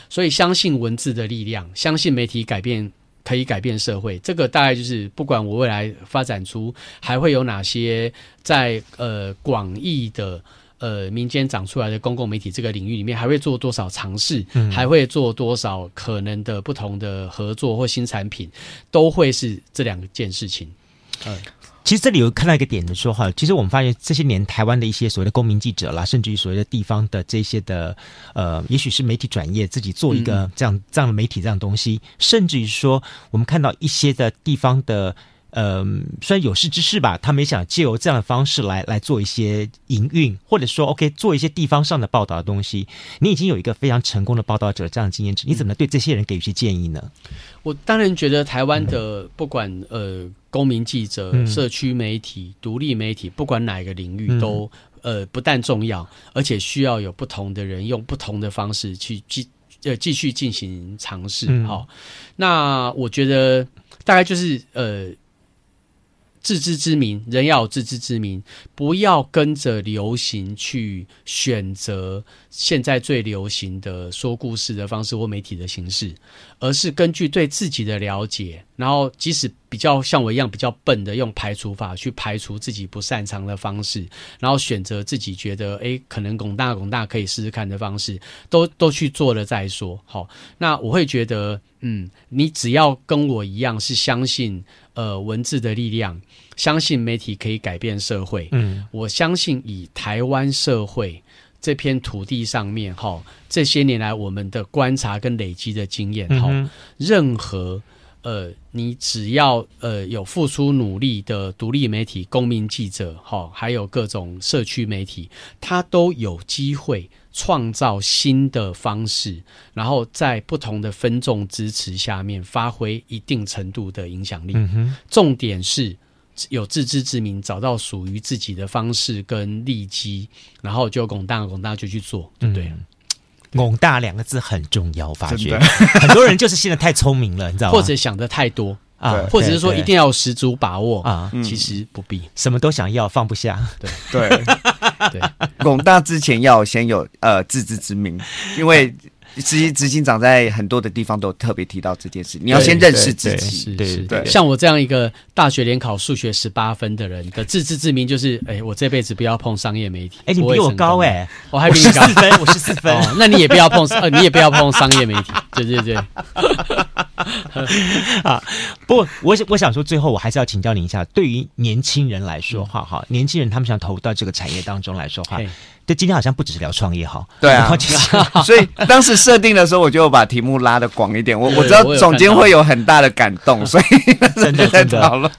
所以，相信文字的力量，相信媒體改變。可以改變社會，這個大概就是不管我未來發展出還會有哪些在呃廣義的呃民間長出來的公共媒體這個領域裡面，還會做多少嘗試，嗯、還會做多少可能的不同的合作或新產品，都會是這兩件事情。嗯。其實這裡有看到一個點的說哈，其實我們發現這些年台灣的一些所謂的公民記者啦，甚至於所謂的地方的這些的，呃，也許是媒體轉業自己做一個這樣這樣的媒體這樣東西，甚至於說我們看到一些的地方的。呃、嗯，雖然有識之士吧，他們也想借由這樣的方式來來做一些營運，或者說，OK，做一些地方上的報道的東西。你已經有一個非常成功的報道者這樣的經驗值，你怎麼對這些人給一些建議呢？我當然覺得台灣的、嗯、不管呃公民記者、嗯、社區媒體、獨立媒體，不管哪一個領域、嗯、都呃不但重要，而且需要有不同的人用不同的方式去繼呃繼續進行嘗試。嗯、好，那我覺得大概就是呃。自知之明，人要有自知之明，不要跟着流行去選擇現在最流行的說故事的方式，或媒體的形式，而是根據對自己的了解。然後，即使比較像我一樣比較笨的，用排除法去排除自己不擅長的方式，然後選擇自己覺得哎，可能廣大廣大，可以試試看的方式，都都去做了再說。好、哦，那我會覺得，嗯，你只要跟我一樣是相信呃文字的力量，相信媒體可以改變社會。嗯，我相信以台灣社會這片土地上面，哈、哦，這些年來我們的觀察跟累積的經驗，哈、嗯哼哦，任何。呃，你只要呃有付出努力的獨立媒體、公民記者，哈、哦，還有各種社區媒體，他都有機會創造新的方式，然後在不同的分眾支持下面發揮一定程度的影響力。嗯、哼重點是有自知之明，找到屬於自己的方式跟利基，然後就拱大拱大就去做，嗯、哼對。“拱大”兩個字很重要，發覺的很多人就是現在太聰明了，你知道嗎？或者想得太多啊，或者是說一定要十足把握啊，其實不必，嗯，什麼都想要放不下。對對對，“拱大”之前要先有呃自知之明，因為，啊執行，執行長在很多的地方都特別提到這件事。你要先認識自己，對是對。像我這樣一個大學聯考數學十八分的人的自知之明，就是哎，我這輩子不要碰商業媒體。哎誒，你比我高哎、欸，我、哦、還比你高是四分，我十四分、哦。那你也不要碰，呃、 哦，你也不要碰商業媒體。對對對。啊， 不過，我我想說，最後我還是要請教您一下，對於年輕人來說話，哈、嗯，年輕人他們想投到這個產業當中來說話。 這今天好像不只是聊創業哈，對啊，所以當時設定的時候，我就把題目拉得廣一點。我我知道總監會有很大的感動，所以真的太好了。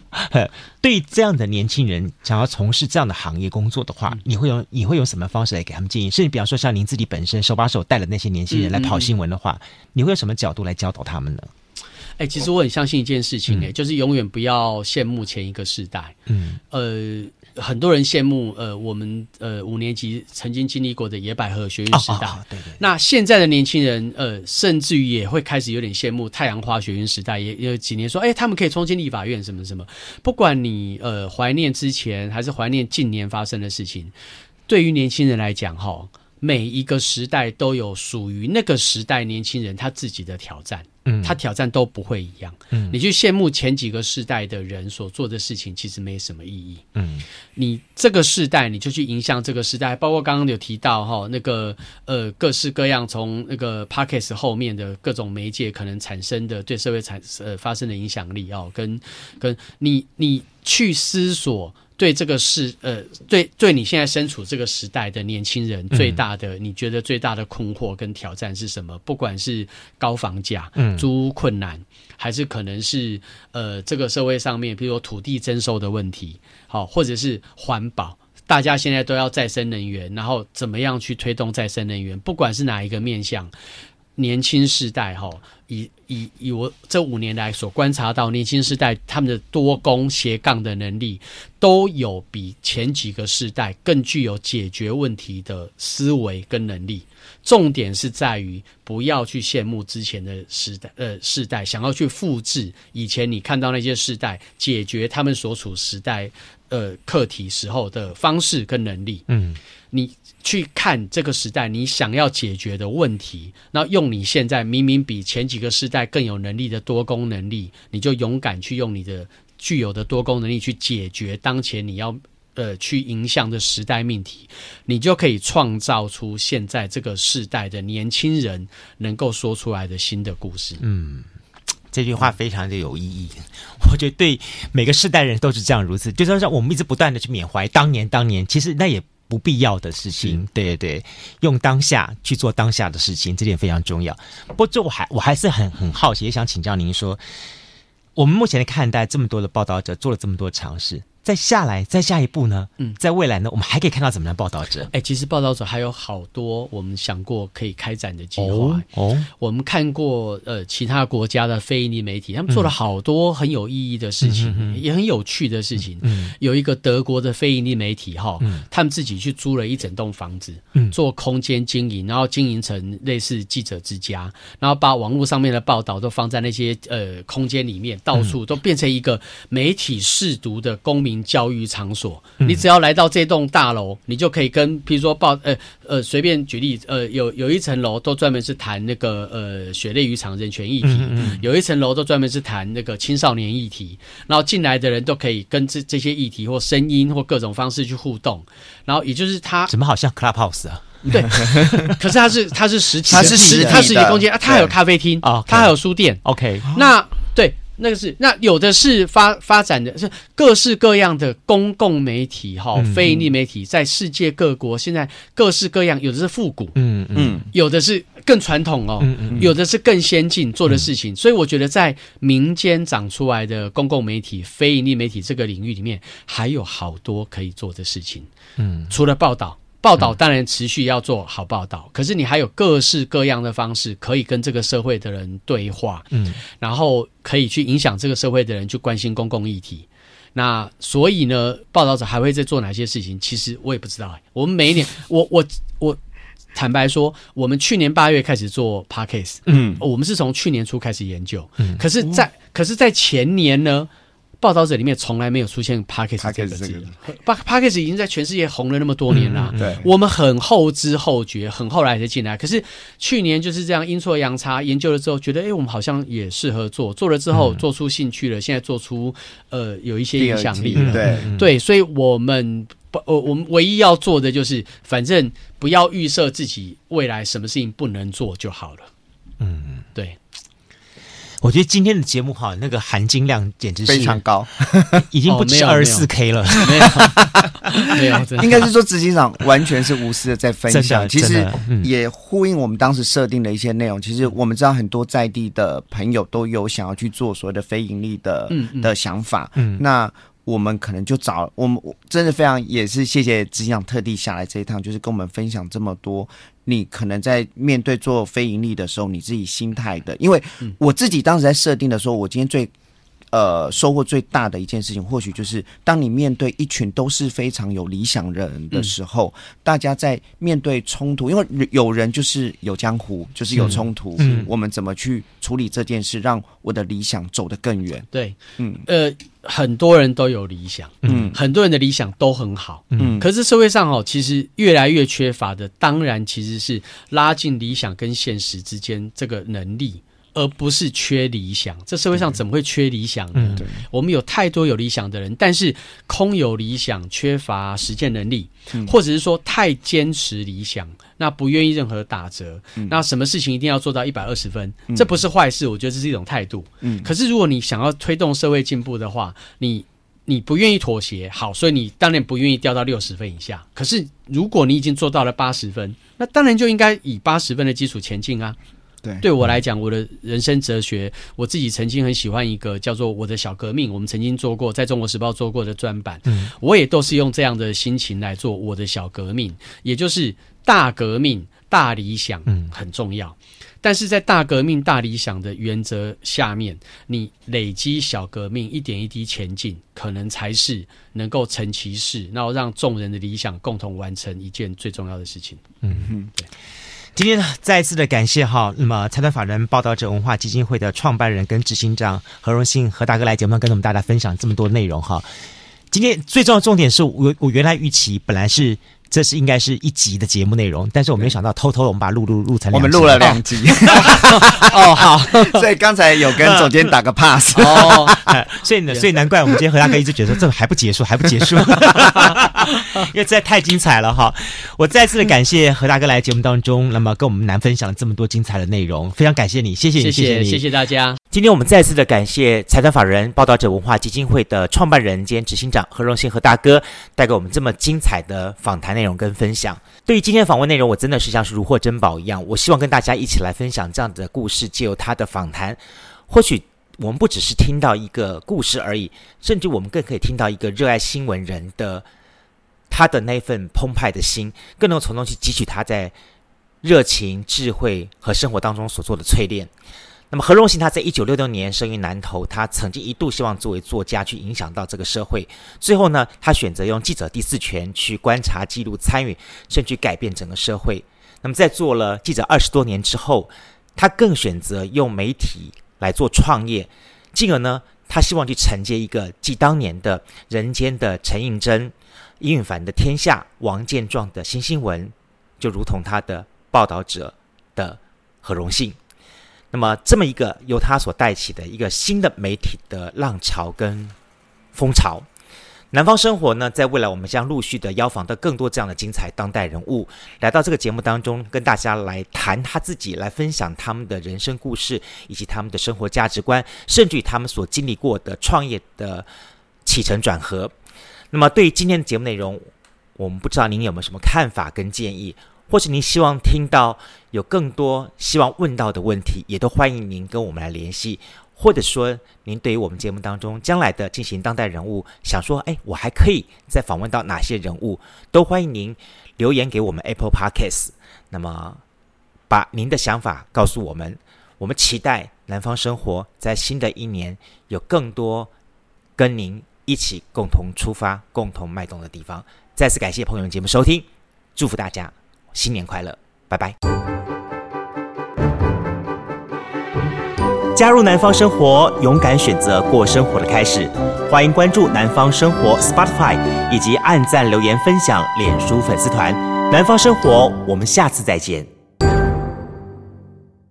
對這樣的年輕人，想要從事這樣的行業工作的話，你會用你會用什麼方式來給他們建議？甚至比方說像您自己本身手把手帶了那些年輕人來跑新聞的話，你會用什麼角度來教導他們呢？哎，其實我很相信一件事情，哎，就是永遠不要羨慕前一個時代。嗯，呃。很多人羨慕，呃，我們呃五年級曾經經歷過的野百合學運時代，哦、那現在的年輕人，呃，甚至於也會開始有點羨慕太陽花學運時代，也有幾年說，哎、欸，他們可以衝進立法院什麼什麼。不管你呃懷念之前，還是懷念近年發生的事情，對於年輕人來講，哈。每一個時代都有屬於那個時代年輕人他自己的挑戰，嗯，他挑戰都不會一樣，嗯，你去羨慕前幾個時代的人所做的事情，其實沒什麼意義，嗯，你這個時代你就去影響這個時代，包括剛剛有提到哈、哦、那個呃各式各樣從那個 podcast 後面的各種媒介可能產生的對社會產生呃發生的影響力哦，跟跟你你去思索。對這個事，呃，對對你現在身處這個時代的年輕人，最大的、嗯、你覺得最大的困惑跟挑戰是什麼？不管是高房價、嗯，租屋困難，還是可能是呃，這個社會上面，比如說土地徵收的問題，好，或者是環保，大家現在都要再生能源，然後怎麼樣去推動再生能源？不管是哪一個面向，年輕世代哈，以。以以我這五年來所觀察到，年輕世代他們的多工斜槓的能力，都有比前幾個世代更具有解決問題的思維跟能力。重點是在於，不要去羨慕之前的時代，呃，世代想要去複製以前你看到那些世代，解決他們所處時代呃，課題時候的方式跟能力，嗯，你去看這個時代，你想要解決的問題，那用你現在明明比前幾個時代更有能力的多工能力，你就勇敢去用你的具有的多工能力去解決當前你要呃去影響的時代命題，你就可以創造出現在這個世代的年輕人能夠說出來的新的故事，嗯。這句話非常的有意義，我覺得對每個世代人都是這樣如此。就算說我們一直不斷的去緬懷當年，當年其實那也不必要的事情。嗯、對對對，用當下去做當下的事情，這點非常重要。不過就我還我還是很很好奇，也想請教您說，我們目前的看待這麼多的報導者，做了這麼多嘗試。再下來，再下一步呢？嗯，在未來呢，我們還可以看到怎麼樣的報道者？哎、欸，其實報道者還有好多，我們想過可以開展的計劃哦。我們看過呃其他國家的非營利媒體，他們做了好多很有意義的事情，嗯、也很有趣的事情。嗯嗯、有一個德國的非營利媒體哈，他們自己去租了一整棟房子，做空間經營，然後經營成類似記者之家，然後把網絡上面的報道都放在那些呃空間裡面，到處都變成一個媒體識讀的公民教育場所，你只要來到這棟大樓，你就可以跟，譬如說報，呃呃，隨便舉例，呃，有有一層樓都專門是談那個呃血淚漁場人權議題，有一層樓都專門是談那個青少年議題，然後進來的人都可以跟這這些議題或聲音或各種方式去互動，然後也就是他什麼好像 clubhouse 啊？對，可是他是他是實體，他是實，他是空間啊，他還有咖啡廳啊，他還有書店。OK，那對。那個是那有的是發發展的是各式各樣的公共媒體哈、哦，嗯嗯、非營利媒體在世界各國現在各式各樣，有的是復古，嗯嗯，嗯有的是更傳統哦，嗯嗯、有的是更先進做的事情，嗯嗯、所以我覺得在民間長出來的公共媒體、嗯、非營利媒體這個領域裡面，還有好多可以做的事情，嗯，除了報道。報道當然持續要做好報道嗯、可是你還有各式各樣的方式可以跟這個社會的人對話，嗯，然後可以去影響這個社會的人去關心公共議題。那所以呢，報道者還會在做哪些事情？其實我也不知道。我們每一年，我我我，我坦白說，我們去年八月開始做 Podcast 嗯，我們是從去年初開始研究，嗯、可是在，在、嗯、可是在前年呢。報道者裡面從來沒有出現 Podcast 這個字。這個。Podcast 已經在全世界紅了那麼多年了啊，嗯。對，我們很後知後覺，很後來才進來。可是去年就是這樣陰錯陽差研究了之後，覺得哎，欸，我們好像也適合做。做了之後，嗯，做出興趣了，現在做出呃有一些影響力了。嗯，對對，所以我們不，我們唯一要做的就是，反正不要預設自己未來什麼事情不能做就好了。嗯，對。我覺得今天的節目哈，那個含金量簡直是非常高，已經不止二十四 K 了。對啊，oh，沒有沒有，應該是說執行長完全是無私的在分享， 的其實也呼應我們當時設定的一些內容。嗯，其實我們知道很多在地的朋友都有想要去做所謂的非盈利的，嗯嗯，的想法，嗯，那我們可能就找我們真的非常也是謝謝執行長特地下來這一趟，就是跟我們分享這麼多。你可能在面對做非盈利的時候，你自己心態的，因為我自己當時在設定的時候，嗯、我今天最。呃，收穫最大的一件事情，或許就是當你面對一群都是非常有理想人的時候，嗯、大家在面對衝突，因為有人就是有江湖，就是有衝突，嗯、我們怎麼去處理這件事，讓我的理想走得更遠？對，嗯，呃，很多人都有理想，嗯，很多人的理想都很好，嗯，可是社會上哦，其實越來越缺乏的，當然其實是拉近理想跟現實之間這個能力。而不是缺理想，這社會上怎麼會缺理想呢？嗯、我們有太多有理想的人，但是空有理想，缺乏實踐能力，嗯、或者是說太堅持理想，那不願意任何打折，嗯、那什麼事情一定要做到一百二十分。嗯、這不是壞事，我覺得這是一種態度。嗯，可是如果你想要推動社會進步的話，你你不願意妥協，好，所以你當然不願意掉到六十分以下。可是如果你已經做到了八十分，那當然就應該以八十分的基礎前進啊。對，對我來講，我的人生哲學，我自己曾經很喜歡一個叫做“我的小革命”。我們曾經做過，在中國時報做過的專版，嗯、我也都是用這樣的心情來做我的小革命，也就是大革命、大理想，嗯，很重要。嗯、但是在大革命、大理想的原則下面，你累積小革命，一點一滴前進，可能才是能夠成其事，然後讓眾人的理想共同完成一件最重要的事情。嗯哼，對。今天呢，再一次的感謝哈，那、嗯、麼財團法人報道者文化基金會的創辦人跟執行長何榮幸何大哥來節目上跟我們大家分享這麼多內容哈。今天最重要的重點是我我原來預期本來是，這是應該是一集的節目內容，但是我沒有想到，偷偷我們把它錄錄錄成我們錄了兩集。哦，好，所以剛才有跟總監打個 pass。哦，所以呢，所以難怪我們今天何大哥一直覺得說這還不結束，還不結束，因為這太精彩了哈！我再次的感謝何大哥來節目當中，那麼跟我們南分享這麼多精彩的內容，非常感謝你，謝謝你，謝謝你，謝謝大家。今天我們再次的感謝財團法人報道者文化基金會的創辦人兼執行長何榮幸何大哥帶給我們這麼精彩的訪談。內容跟分享，對於今天的訪問內容，我真的是像是如獲珍寶一樣。我希望跟大家一起來分享這樣的故事，借由他的訪談，或許我們不只是聽到一個故事而已，甚至我們更可以聽到一個熱愛新聞人的他的那份澎湃的心，更能從中去汲取他在熱情、智慧和生活當中所做的淬煉。那麼何榮幸他在一九六六年生於南投，他曾經一度希望作為作家去影響到這個社會，最後呢，他選擇用記者第四權去觀察、記錄、參與，甚至改變整個社會。那麼在做了記者二十多年之後，他更選擇用媒體來做創業，進而呢，他希望去承接一個繼當年的人間的陳映真、殷允芃的天下、王健壯的新新聞，就如同他的報道者的何榮幸。那麼，這麼一個由他所帶起的一個新的媒體的浪潮跟風潮，南方聲活呢，在未來我們將陸續的邀訪到更多這樣的精彩當代人物來到這個節目當中，跟大家來談他自己，來分享他們的人生故事，以及他們的生活價值觀，甚至於他們所經歷過的創業的起承轉合。那麼，對於今天的節目內容，我們不知道您有沒有什麼看法跟建議？或是您希望聽到有更多希望問到的問題，也都歡迎您跟我們來聯繫。或者說，您對於我們節目當中將來的進行當代人物，想說，哎，我還可以再訪問到哪些人物，都歡迎您留言給我們 Apple Podcasts。那麼，把您的想法告訴我們。我們期待南方聲活在新的一年有更多跟您一起共同出發、共同脈動的地方。再次感謝朋友們節目收聽，祝福大家。新年快樂，拜拜！加入南方聲活，勇敢選擇過生活的開始。歡迎關注南方聲活 Spotify，以及按讚、留言、分享臉書粉絲團。南方聲活，我們下次再見。